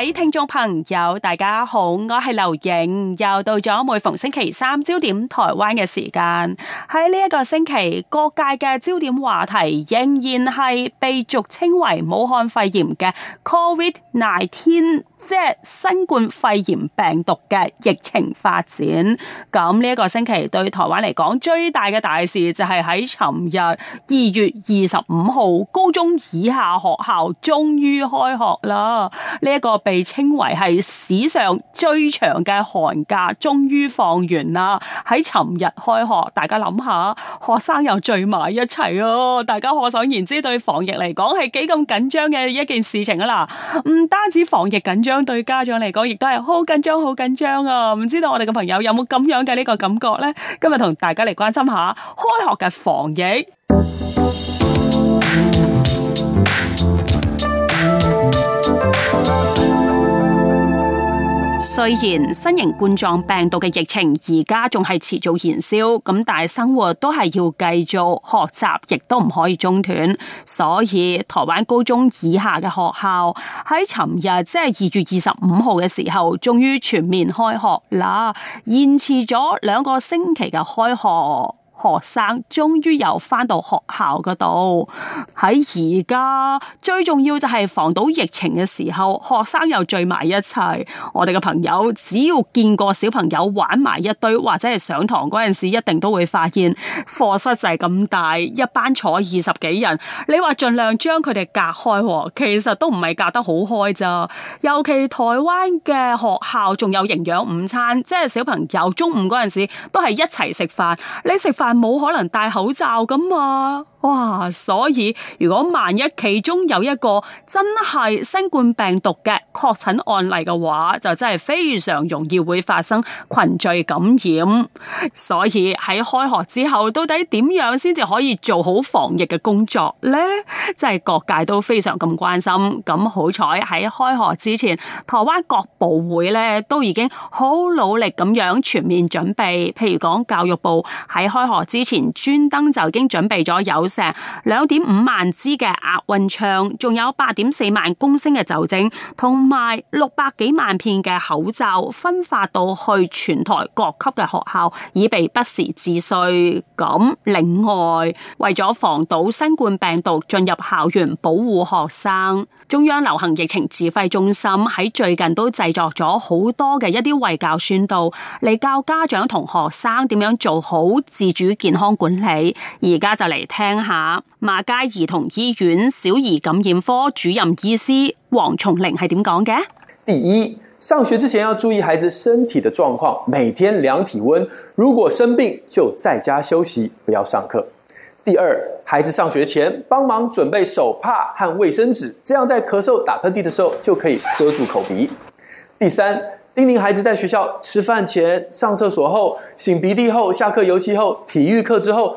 各位聽眾朋友，大家好，我係劉影，又到咗每逢星期三焦點台灣嘅時間。喺呢一個星期，各界嘅焦點話題仍然係被俗稱為武漢肺炎嘅 COVID nineteen。即係新冠肺炎病毒嘅疫情發展，咁呢一個星期對台灣嚟講最大嘅大事就係喺尋日二月二十五號高中以下學校終於開學啦！呢、這、一個被稱為係史上最長嘅寒假終於放完啦，喺尋日開學，大家諗下學生又聚埋一齊咯、啊，大家可想而知對防疫嚟講係幾咁緊張嘅一件事情啦、啊。唔單止防疫緊張。對家長嚟講，亦都係好緊張，好緊張啊！唔知道我哋嘅朋友有冇咁樣嘅呢個感覺呢？今日同大家嚟關心下開學嘅防疫。 雖然新型冠狀病毒嘅疫情而家仲係持續延燒，咁但係生活都係要繼續學習，亦都唔可以中斷。所以台灣高中以下嘅學校喺尋日，即係二月二十五號嘅時候，終於全面開學啦，延遲咗兩個星期嘅開學。學生終於又返到學校度，喺而家最重要就係防到疫情嘅時候，學生又聚埋一齊。我哋嘅朋友只要見過小朋友玩埋一堆，或者係上堂陣時，一定都會發現課室就係咁大，一班坐二十幾人，你話盡量將佢哋隔開，其實都唔係隔得好開咋。尤其台灣嘅學校仲有營養午餐，即係小朋友中午陣時都係一齊食飯，你食飯。但冇可能戴口罩㗎嘛。哇！所以如果萬一其中有一個真係新冠病毒嘅確診案例嘅話，就真係非常容易會發生群聚感染。所以喺開學之後，到底點樣先至可以做好防疫嘅工作咧？真係各界都非常咁關心。咁好彩喺開學之前，台灣各部會咧都已經好努力咁樣全面準備。譬如講教育部喺開學之前專登就已經準備咗有。成兩點五萬支嘅額溫槍，仲有八點四萬公升嘅酒精，同埋六百幾萬片嘅口罩，分發到去全台各級嘅學校，以備不時之需。咁另外，為咗防堵新冠病毒進入校園，保護學生，中央流行疫情指揮中心喺最近都製作咗好多嘅一啲衛教宣導，嚟教家長同學生點樣做好自主健康管理。而家就嚟聽。下馬街兒童醫院小兒感染科主任醫師黃崇玲係點講嘅？第一，上學之前要注意孩子身體的狀況，每天量體溫，如果生病就在家休息，不要上課。第二，孩子上學前幫忙準備手帕和衛生紙，這樣在咳嗽、打噴嚏的時候就可以遮住口鼻。第三，叮嚀孩子在學校吃飯前、上廁所後、擤鼻涕後、下課遊戲後、體育課之後。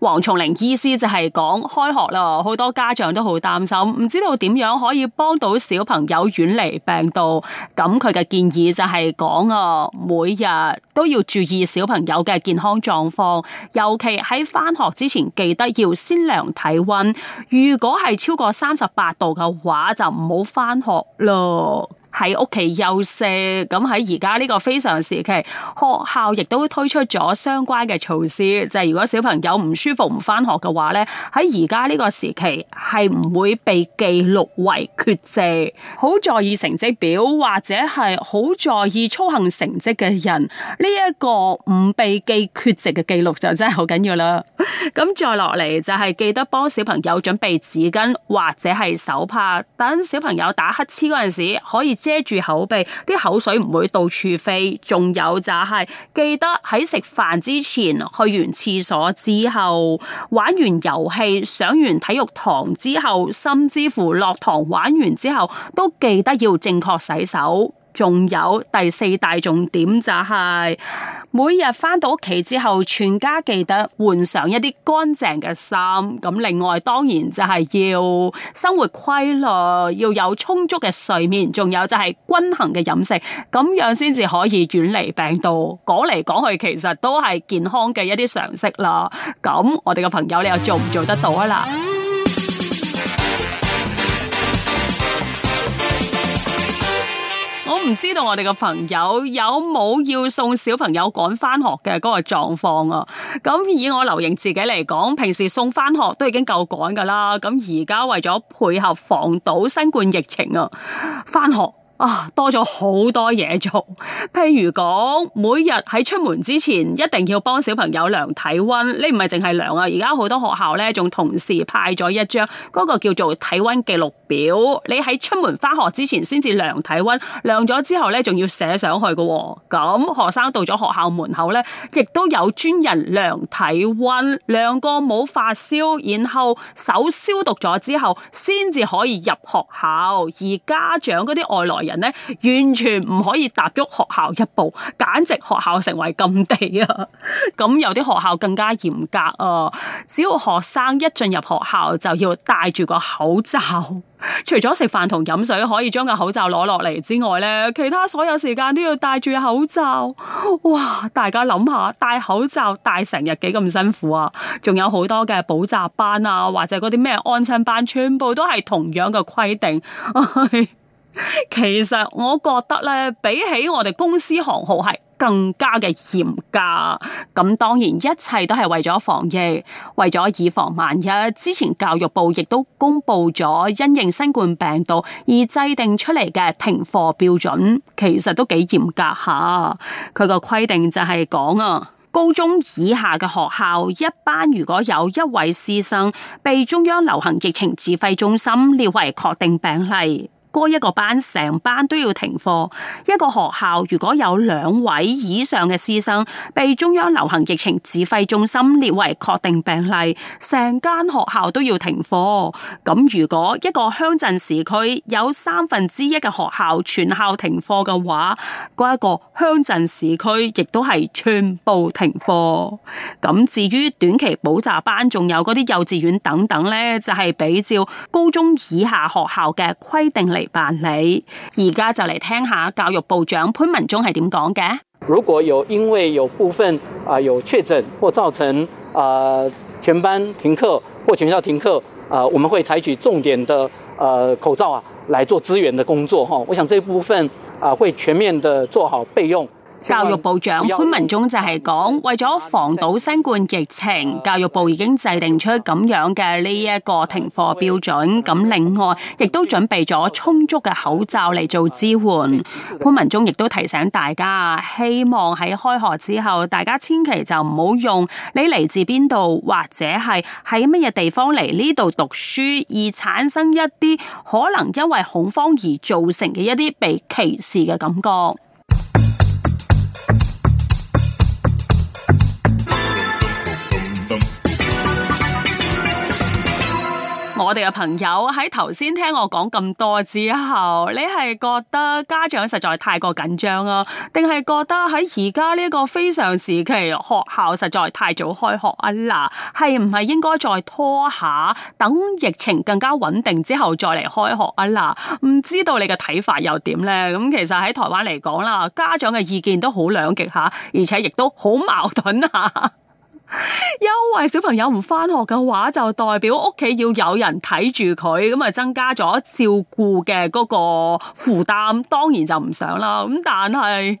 黃松玲醫師就係講開學啦，好多家長都好擔心，唔知道點樣可以幫到小朋友遠離病毒。咁佢嘅建議就係講啊，每日都要注意小朋友嘅健康狀況，尤其喺返學之前記得要先量體温，如果係超過三十八度嘅話，就唔好返學咯。喺屋企休息，咁喺而家呢個非常時期，學校亦都推出咗相關嘅措施，就係、是、如果小朋友唔舒服唔翻學嘅話呢，喺而家呢個時期係唔會被記錄為缺席。好在意成績表或者係好在意操行成績嘅人，呢、這、一個唔被記缺席嘅記錄就真係好緊要啦。咁 再落嚟就係記得幫小朋友準備紙巾或者係手帕，等小朋友打乞嗤嗰陣時可以。遮住口鼻，啲口水唔會到處飛。仲有就係記得喺食飯之前，去完廁所之後，玩完遊戲、上完體育堂之後，甚至乎落堂玩完之後，都記得要正確洗手。仲有第四大重點就係每日翻到屋企之後，全家記得換上一啲乾淨嘅衫。咁另外當然就係要生活規律，要有充足嘅睡眠，仲有就係均衡嘅飲食，咁樣先至可以遠離病毒。講嚟講去，其實都係健康嘅一啲常識啦。咁我哋嘅朋友，你又做唔做得到啊？啦？唔知道我哋嘅朋友有冇要送小朋友趕翻學嘅嗰個狀況啊？咁、嗯、以我劉瑩自己嚟講，平時送翻學都已經夠趕噶啦。咁而家為咗配合防堵新冠疫情啊，翻學啊多咗好多嘢做。譬如講，每日喺出門之前一定要幫小朋友量體溫。呢唔係淨係量啊，而家好多學校咧仲同時派咗一張嗰、嗰個叫做體溫記錄。表你喺出門返學之前先至量體溫，量咗之後呢，仲要寫上去㗎喎。咁學生到咗學校門口呢，亦都有專人量體溫，量過冇發燒，然後手消毒咗之後，先至可以入學校。而家長嗰啲外來人呢，完全唔可以踏足學校一步，簡直學校成為禁地啊！咁有啲學校更加嚴格啊，只要學生一進入學校就要戴住個口罩。除咗食飯同飲水可以將個口罩攞落嚟之外呢,其他所有時間都要戴住口罩。哇！大家諗下，戴口罩戴成日幾咁辛苦啊！仲有好多嘅補習班啊，或者嗰啲咩安親班，全部都係同樣嘅規定。 其實我覺得咧，比起我哋公司行號係更加嘅嚴格。咁當然一切都係為咗防疫，為咗以防萬一。之前教育部亦都公布咗因應新冠病毒而制定出嚟嘅停課標準，其實都幾嚴格吓。佢個規定就係講啊，高中以下嘅學校一班如果有一位師生被中央流行疫情指揮中心列為確定病例。嗰一個班成班都要停課，一個學校如果有兩位以上嘅師生被中央流行疫情指揮中心列為確定病例，成間學校都要停課。咁如果一個鄉鎮市區有三分之一嘅學校全校停課嘅話，嗰一個鄉鎮市區亦都係全部停課。咁至於短期補習班，仲有嗰啲幼稚園等等咧，就係、是、比照高中以下學校嘅規定嚟。嚟辦理，而家就嚟聽下教育部長潘文忠係點講嘅。如果有因為有部分啊，有確診或造成啊，全班停課或全校停課，啊我們會採取重點的呃口罩啊，來做支援的工作哈。我想這部分啊會全面的做好備用。教育部長潘文忠就係講，為咗防堵新冠疫情，教育部已經制定出咁樣嘅呢一個停課標準。咁另外，亦都準備咗充足嘅口罩嚟做支援。潘文忠亦都提醒大家，希望喺開學之後，大家千祈就唔好用你嚟自邊度或者係喺乜嘢地方嚟呢度讀書，而產生一啲可能因為恐慌而造成嘅一啲被歧視嘅感覺。我哋嘅朋友喺頭先聽我講咁多之後，你係覺得家長實在太過緊張咯，定係覺得喺而家呢個非常時期，學校實在太早開學啊啦，係唔係應該再拖下，等疫情更加穩定之後再嚟開學啊啦？唔知道你嘅睇法又點呢？咁其實喺台灣嚟講啦，家長嘅意見都好兩極下，而且亦都好矛盾呀。因為 小朋友唔返學嘅話，就代表屋企要有人睇住佢，咁啊增加咗照顧嘅嗰個負擔，當然就唔想啦。咁但係。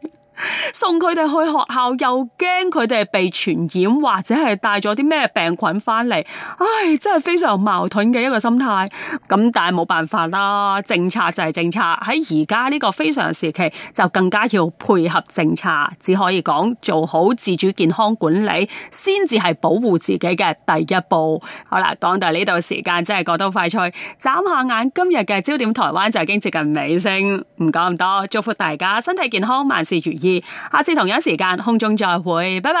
送佢哋去學校又驚佢哋被傳染或者係帶咗啲咩病菌翻嚟，唉，真係非常矛盾嘅一個心態。咁但係冇辦法啦，政策就係政策。喺而家呢個非常時期，就更加要配合政策，只可以講做好自主健康管理，先至係保護自己嘅第一步。好啦，講到呢度時間真係過得快脆，眨下眼今日嘅焦點台灣就已經接近尾聲。唔講咁多，祝福大家身體健康，萬事如意。下次同樣時間空中再會，拜拜。